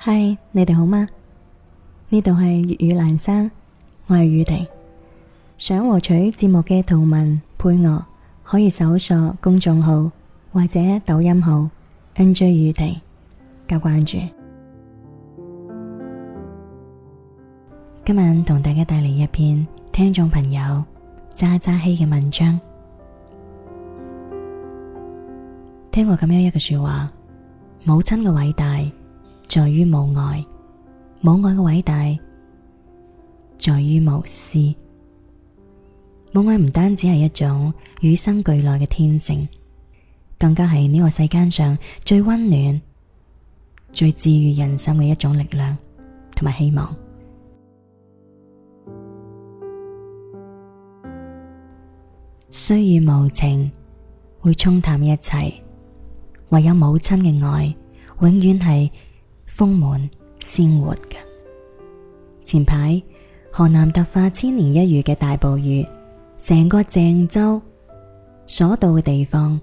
嗨，Hi, 你哋好嗎？呢度係粵語蘭山，我係宇婷。想獲取節目嘅圖文配樂，可以搜索公眾號或者抖音號 NJ 宇婷加關注。今晚同大家帶嚟一篇聽眾朋友渣渣希嘅文章。聽過咁樣一句說話，母親嘅偉大。在於母愛，母愛嘅偉大在於無私。母愛唔單止係一種與生俱來嘅天性，更加係呢個世間上最溫暖、最治癒人心嘅一種力量同埋希望。歲月無情會沖淡一切，唯有母親嘅愛永遠係。豐滿鮮活嘅。前排河南突發千年一遇嘅大暴雨，成個鄭州所到嘅地方，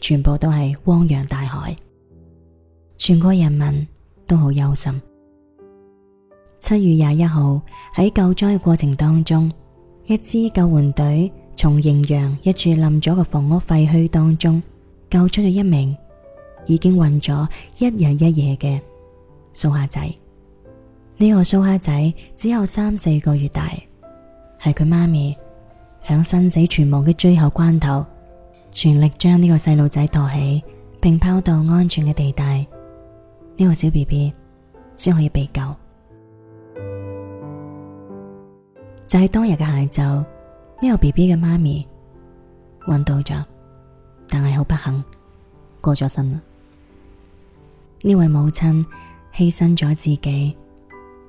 全部都係汪洋大海，全國人民都好憂心。七月廿一號喺救災嘅過程當中，一支救援隊從滎陽一處冧咗個房屋廢墟當中救出咗一名已經暈咗一日一夜嘅。蘇蝦仔呢個蘇蝦仔只有三四個月大，係佢媽咪響生死存亡嘅最後關頭，全力將呢個細路仔托起，並拋到安全嘅地帶，呢、這個小 B B 先可以被救。就喺、是、當日嘅下晝，呢、這個 B B 嘅媽咪揾到咗，但係好不幸過咗身啦。呢位母親。犧牲咗自己，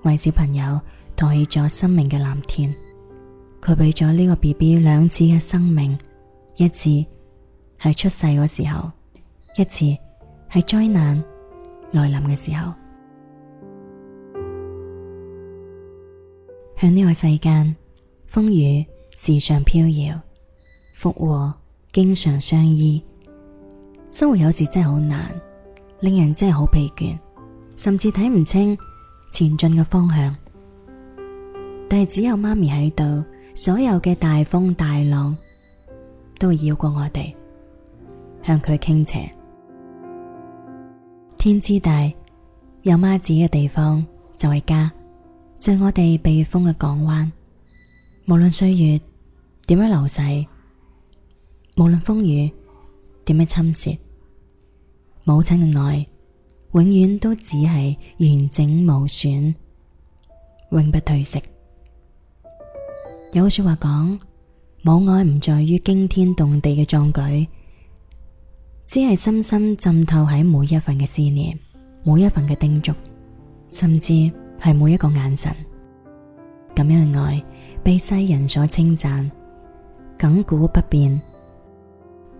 為小朋友托起咗生命嘅藍天。佢俾咗呢個 B B 兩次嘅生命，一次係出世嗰時候，一次係災難來臨嘅時候。向呢個世間風雨時常飄搖，福禍經常相依。生活有時真係好難，令人真係好疲倦。甚至睇唔清前進嘅方向，但係只有媽咪喺度，所有嘅大風大浪都會繞過我哋，向佢傾斜。天之大，有媽子嘅地方就係家，就係我哋避風嘅港灣。無論歲月點樣流逝，無論風雨點樣侵蝕，母親嘅愛。永遠都只係完整無損，永不褪色。有句說話講：母愛唔在於驚天動地嘅壯舉，只係深深浸透喺每一份嘅思念、每一份嘅叮囑，甚至係每一個眼神。咁樣嘅愛被世人所稱讚，亙古不變。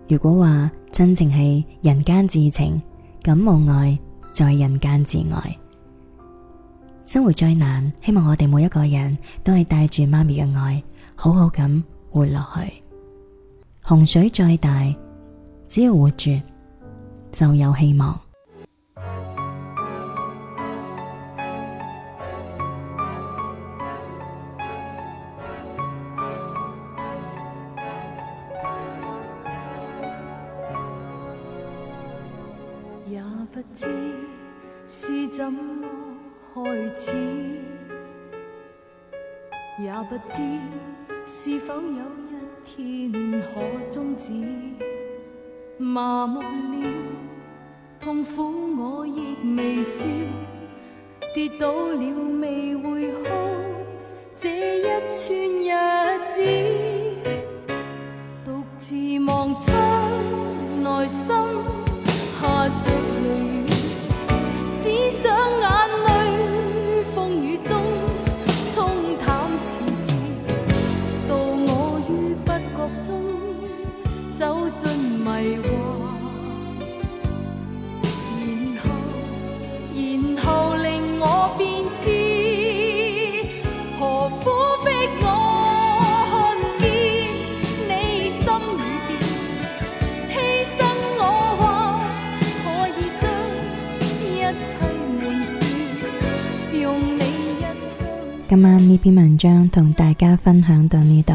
如果話真情係人間至情，咁母愛。在人間之外，生活再難，希望我哋每一個人都係帶住媽咪嘅愛，好好咁活落去。洪水再大，只要活住就有希望。也不知。是怎麼開始，也不知是否有一天可終止。麻木了，痛苦我亦微笑。跌倒了未會哭，這一串日子，獨自望出，內心下著雨。然後，然後令我變痴。何苦逼我？看見你心裏邊犧牲我，可以將一切換轉，用你一生。今晚呢篇文章同大家分享到呢度。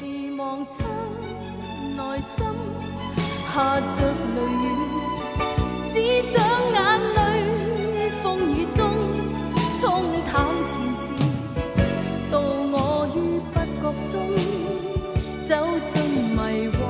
遙望出內心下着淚雨，只想眼淚風雨中沖淡前事，渡我於不覺中走進迷惘。